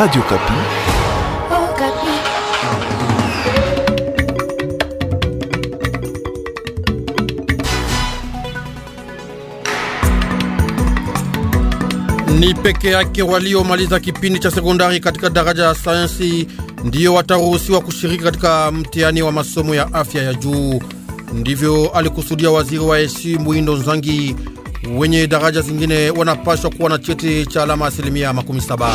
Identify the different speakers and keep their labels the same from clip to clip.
Speaker 1: Radio Kapi.
Speaker 2: Oh, Kapi.
Speaker 3: Ni peke yake waliomaliza kipindi cha sekondari katika daraja la sayansi ndiyo wataruhusiwa kushiriki katika mtihani wa masomo ya afya ya juu. Ndivyo alikusudia waziri wa heshima Mwindo Nzangi. Wenye daraja zingine wanapashwa kuwa na cheti cha alama asilimia makumi saba.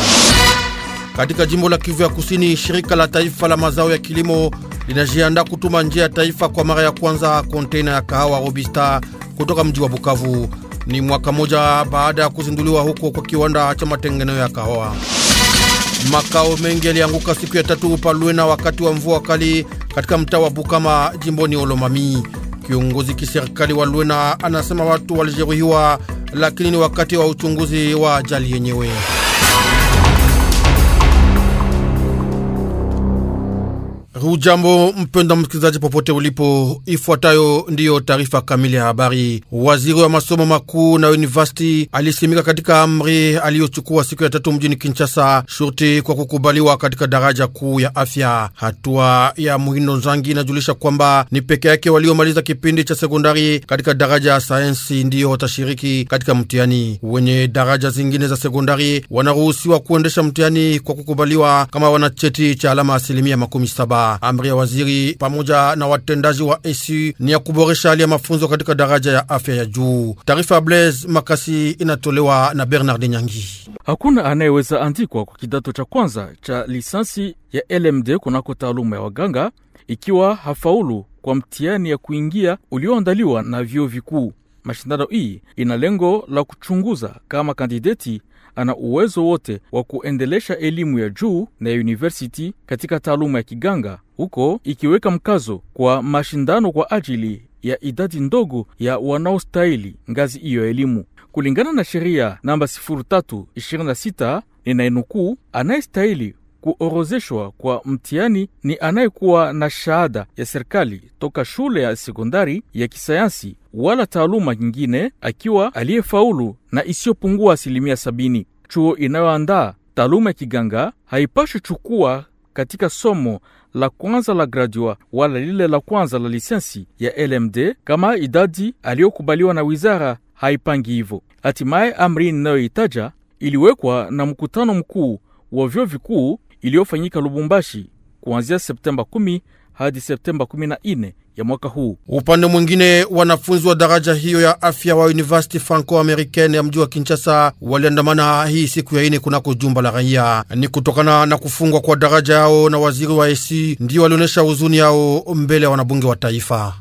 Speaker 3: Katika jimbo la Kivu ya Kusini, shirika la taifa la mazao ya kilimo linajiandaa kutuma njia ya taifa kwa mara ya kwanza konteina ya kahawa Robista kutoka mji wa Bukavu. Ni mwaka moja baada ya kuzinduliwa huko kwa kiwanda cha matengenezo ya kahawa. Makao mengi yalianguka siku ya tatu Palwena wakati wa mvua kali katika mtaa wa Bukama jimboni Olomami. Kiongozi kiserikali wa Lwena anasema watu walijeruhiwa, lakini ni wakati wa uchunguzi wa ajali yenyewe. Hujambo mpenda msikilizaji, popote ulipo, ifuatayo ndiyo taarifa kamili ya habari. Waziri wa masomo makuu na universiti alisimika katika amri aliyochukua siku ya tatu mjini Kinshasa shurti kwa kukubaliwa katika daraja kuu ya afya. Hatua ya Muhindo zangi inajulisha kwamba ni peke yake waliomaliza kipindi cha sekondari katika daraja ya sayansi ndiyo watashiriki katika mtihani. Wenye daraja zingine za sekondari wanaruhusiwa kuendesha mtihani kwa kukubaliwa kama wana cheti cha alama asilimia makumi saba. Amri ya waziri pamoja na watendaji wa esi ni ya kuboresha hali ya mafunzo katika daraja ya afya ya juu. Taarifa ya Blaise Makasi inatolewa na Bernard Nyangi. Hakuna
Speaker 4: anayeweza andikwa kwa kidato cha kwanza cha lisansi ya LMD kunako taaluma ya waganga ikiwa hafaulu kwa mtihani ya kuingia ulioandaliwa na vyuo vikuu. Mashindano hii ina lengo la kuchunguza kama kandideti ana uwezo wote wa kuendelesha elimu ya juu na ya university katika taaluma ya kiganga, huko ikiweka mkazo kwa mashindano kwa ajili ya idadi ndogo ya wanaostahili ngazi hiyo ya elimu kulingana na sheria namba 0326 ninainuku, anayestahili kuorozeshwa kwa mtihani ni anayekuwa na shahada ya serikali toka shule ya sekondari ya kisayansi wala taaluma nyingine, akiwa aliyefaulu na isiyopungua asilimia sabini. Chuo inayoandaa taaluma ya kiganga haipashwi chukua katika somo la kwanza la gradua wala lile la kwanza la lisensi ya LMD kama idadi aliyokubaliwa na wizara haipangi hivyo. Hatimaye amri inayoitaja iliwekwa na mkutano mkuu wa vyuo vikuu iliyofanyika Lubumbashi kuanzia Septemba 10 hadi Septemba 14 ya mwaka huu.
Speaker 3: Upande mwingine, wanafunzi wa daraja hiyo ya afya wa University Franco americain ya mji wa Kinshasa waliandamana hii siku ya ine kunako jumba la raia. Ni kutokana na kufungwa kwa daraja yao na waziri wa esi, ndio walionyesha huzuni yao mbele ya wanabunge wa taifa.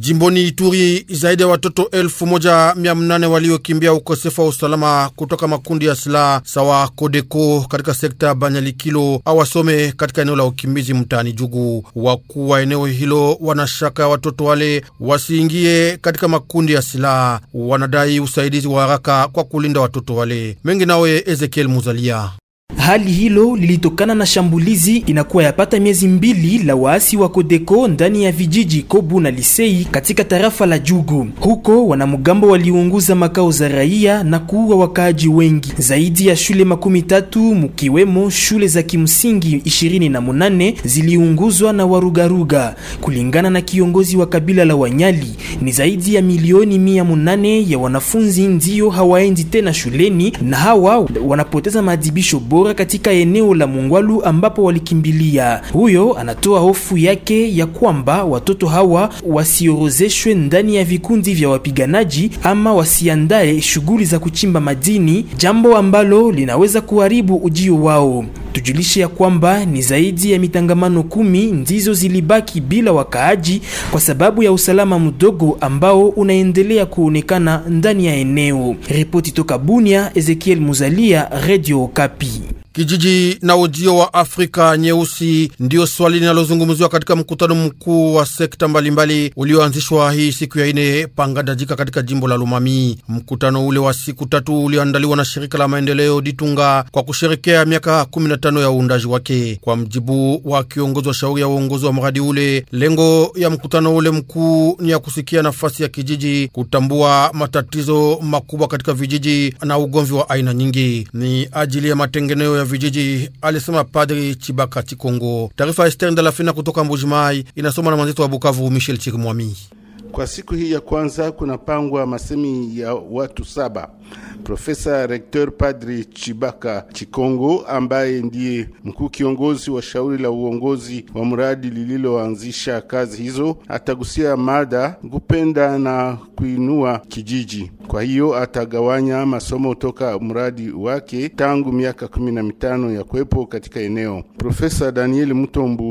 Speaker 3: Jimboni Ituri, zaidi ya watoto elfu moja mia mnane waliokimbia ukosefu wa usalama kutoka makundi ya silaha sawa Kodeko katika sekta ya Banyalikilo awasome katika eneo la ukimbizi mtaani Jugu. Wakuu wa eneo hilo wanashaka watoto wale wasiingie katika makundi ya silaha, wanadai usaidizi wa haraka kwa kulinda watoto wale. Mengi nawe Ezekiel Muzalia.
Speaker 2: Hali hilo lilitokana na shambulizi inakuwa yapata miezi mbili la waasi wa Kodeko ndani ya vijiji Kobu na Lisei katika tarafa la Jugu. Huko wanamgambo waliunguza makao za raia na kuua wakaaji wengi. Zaidi ya shule makumi tatu mkiwemo shule za kimsingi ishirini na munane ziliunguzwa na warugaruga. Kulingana na kiongozi wa kabila la Wanyali, ni zaidi ya milioni mia munane ya wanafunzi ndiyo hawaendi tena shuleni na hawa wanapoteza maadibisho bora bora katika eneo la Mungwalu ambapo walikimbilia. Huyo anatoa hofu yake ya kwamba watoto hawa wasiorozeshwe ndani ya vikundi vya wapiganaji ama wasiandae shughuli za kuchimba madini, jambo ambalo linaweza kuharibu ujio wao. Tujulishe ya kwamba ni zaidi ya mitangamano kumi ndizo zilibaki bila wakaaji kwa sababu ya usalama mdogo ambao unaendelea kuonekana
Speaker 3: ndani ya eneo. Ripoti toka Bunia, Ezekiel Muzalia, Radio Okapi kijiji na ujio wa Afrika nyeusi ndiyo swali linalozungumziwa katika mkutano mkuu wa sekta mbalimbali ulioanzishwa hii siku ya ine Pangandajika katika jimbo la Lumami. Mkutano ule wa siku tatu ulioandaliwa na shirika la maendeleo Ditunga kwa kusherekea miaka 15 ya uundaji wake. Kwa mjibu wa kiongozi wa shauri ya uongozi wa mradi ule, lengo ya mkutano ule mkuu ni ya kusikia nafasi ya kijiji, kutambua matatizo makubwa katika vijiji na ugomvi wa aina nyingi, ni ajili ya matengenezo ya vijiji, alisema Padri Chibaka Chikongo. Taarifa ya ester Ndalafina kutoka Mbujimai inasoma na mwenzetu wa Bukavu Michel Chirimwami.
Speaker 1: Kwa siku hii ya kwanza kunapangwa masemi ya watu saba Profesa Rektor Padri Chibaka Chikongo ambaye ndiye mkuu kiongozi wa shauri la uongozi wa mradi lililoanzisha kazi hizo atagusia mada kupenda na kuinua kijiji. Kwa hiyo atagawanya masomo toka mradi wake tangu miaka kumi na mitano ya kuwepo katika eneo. Profesa Daniel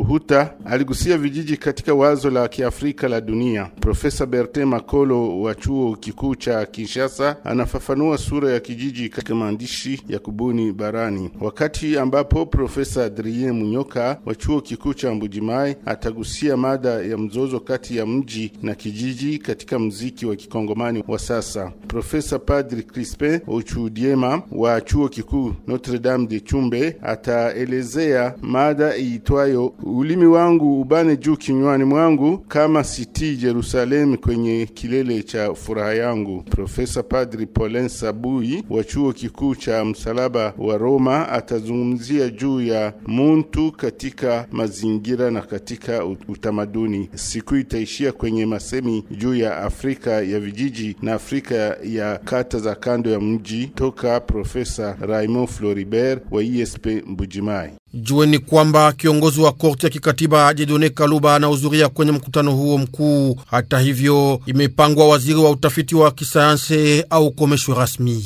Speaker 1: Huta aligusia vijiji katika wazo la Kiafrika la dunia. Profesa Bertin Makolo wa chuo kikuu cha Kinshasa anafafanua kupanua sura ya kijiji katika maandishi ya kubuni barani, wakati ambapo Profesa Adrien Munyoka wa chuo kikuu cha Mbujimai atagusia mada ya mzozo kati ya mji na kijiji katika mziki wa kikongomani wa sasa. Profesa Padri Crispe Ochudiema wa chuo kikuu Notre Dame de Chumbe ataelezea mada iitwayo ulimi wangu ubane juu kinywani mwangu kama siti Jerusalemu kwenye kilele cha furaha yangu. Profesa Padri Polens Sabui wa chuo kikuu cha msalaba wa Roma atazungumzia juu ya muntu katika mazingira na katika utamaduni. Siku itaishia kwenye masemi juu ya Afrika ya vijiji na Afrika ya kata za kando ya mji toka Profesa Raymond Floribert wa ISP Mbujimai.
Speaker 3: Jueni kwamba kiongozi wa korti ya kikatiba Jedone Kaluba anahudhuria kwenye mkutano huo mkuu. Hata hivyo, imepangwa waziri wa utafiti wa kisayansi au komeshwe rasmi. me.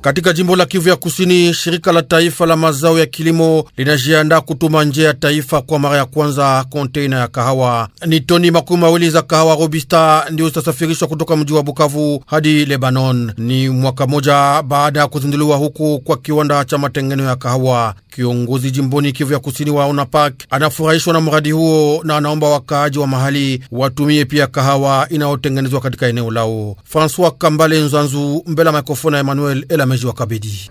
Speaker 3: Katika jimbo la Kivu ya Kusini, shirika la taifa la mazao ya kilimo linajiandaa kutuma nje ya taifa kwa mara ya kwanza konteina ya kahawa. Ni toni makumi mawili za kahawa robista ndio zitasafirishwa kutoka mji wa Bukavu hadi Lebanon. Ni mwaka moja baada ya kuzinduliwa huku kwa kiwanda cha matengeneo ya kahawa. Kiongozi jimboni Kivu ya Kusini wa UNAPAK anafurahishwa na mradi huo na anaomba wakaaji wa mahali watumie pia kahawa inayotengenezwa katika eneo lao. Francois Kambale Nzanzu mbele ya mikrofoni ya Emmanuel Elame. Msemaji wa Kabedi,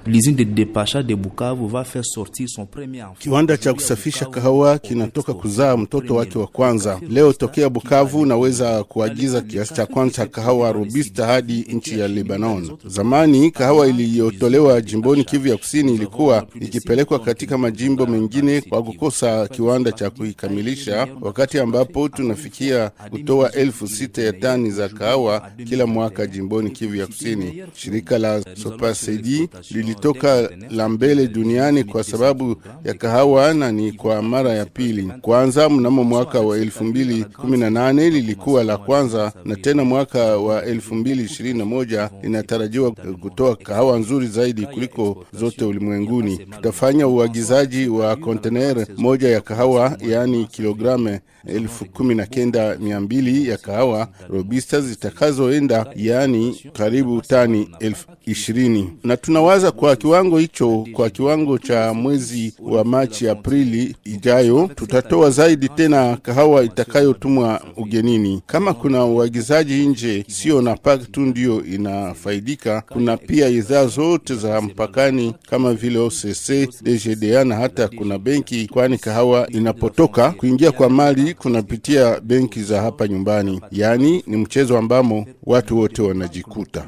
Speaker 1: kiwanda cha kusafisha kahawa kinatoka kuzaa mtoto wake wa kwanza leo tokea Bukavu. Naweza kuagiza kiasi cha kwanza kahawa robusta hadi nchi ya Lebanon. Zamani kahawa iliyotolewa jimboni Kivu ya kusini ilikuwa ikipelekwa katika majimbo mengine kwa kukosa kiwanda cha kuikamilisha, wakati ambapo tunafikia kutoa elfu sita ya tani za kahawa kila mwaka jimboni Kivu ya kusini. Shirika la Sopase CID lilitoka la mbele duniani kwa sababu ya kahawa na ni kwa mara ya pili. Kwanza mnamo mwaka wa 2018 lilikuwa la kwanza na tena mwaka wa 2021 linatarajiwa kutoa kahawa nzuri zaidi kuliko zote ulimwenguni. Tutafanya uagizaji wa kontener moja ya kahawa, yaani kilogramu elfu kumi na kenda mia mbili ya kahawa robista zitakazoenda, yaani karibu tani elfu ishirini, na tunawaza kwa kiwango hicho, kwa kiwango cha mwezi wa Machi Aprili ijayo tutatoa zaidi tena kahawa itakayotumwa ugenini. Kama kuna uagizaji nje, sio NAPAK tu ndiyo inafaidika, kuna pia idhaa zote za mpakani kama vile OCC, DGDA na hata kuna benki, kwani kahawa inapotoka kuingia kwa mali kunapitia benki za hapa nyumbani. Yaani ni mchezo ambamo watu wote wanajikuta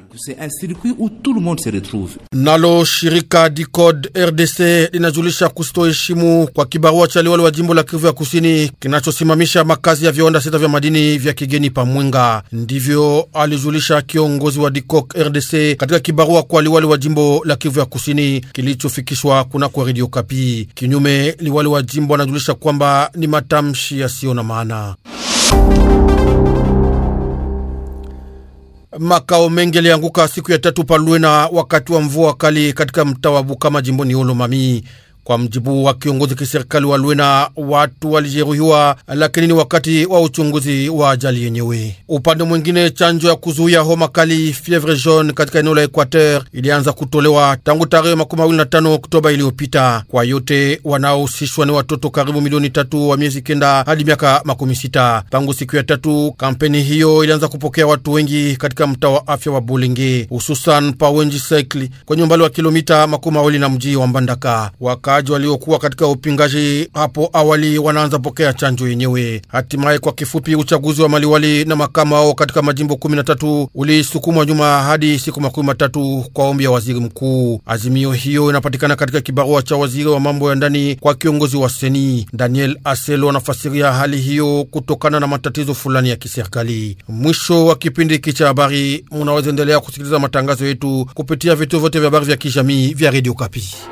Speaker 1: tout le monde se retrouve.
Speaker 3: Nalo shirika DICOD RDC linajulisha kustoheshimu kwa kibarua cha liwali wa jimbo la Kivu ya Kusini kinachosimamisha makazi ya viwanda sita vya madini vya kigeni Pamwinga. Ndivyo alijulisha kiongozi wa DICOD RDC katika kibarua kwa liwali wa jimbo la Kivu ya Kusini kilichofikishwa kunako Radio Kapi. Kinyume, liwali wa jimbo anajulisha kwamba ni matamshi yasiyo na maana. Makao mengi yalianguka siku ya tatu pa wakati wa mvua kali katika mtaa wa Bukama jimboni Holomami. Kwa mjibu wa kiongozi kiserikali wa lwena watu walijeruhiwa, lakini ni wakati wa uchunguzi wa ajali yenyewe. Upande mwingine, chanjo ya kuzuia homa kali fievre jaune katika eneo la Equateur ilianza kutolewa tangu tarehe 25 Oktoba iliyopita. Kwa yote wanaohusishwa ni watoto karibu milioni tatu wa miezi kenda hadi miaka makumi sita. Tangu siku ya tatu, kampeni hiyo ilianza kupokea watu wengi katika mtaa wa afya wa bolinge hususan pa Wenji Cycle kwenye umbali wa kilomita makumi mawili na mji wa Mbandaka Waka wakaaji waliokuwa katika upingaji hapo awali wanaanza pokea chanjo yenyewe. Hatimaye, kwa kifupi, uchaguzi wa maliwali na makama ao katika majimbo 13 ulisukumwa nyuma hadi siku makumi matatu kwa ombi ya waziri mkuu. Azimio hiyo inapatikana katika kibarua cha waziri wa mambo ya ndani kwa kiongozi wa seni Daniel Aselo anafasiria hali hiyo kutokana na matatizo fulani ya kiserikali. Mwisho wa kipindi hiki cha habari, munaweza endelea kusikiliza matangazo yetu kupitia vituo vyote vya habari vya kijamii vya redio Kapi.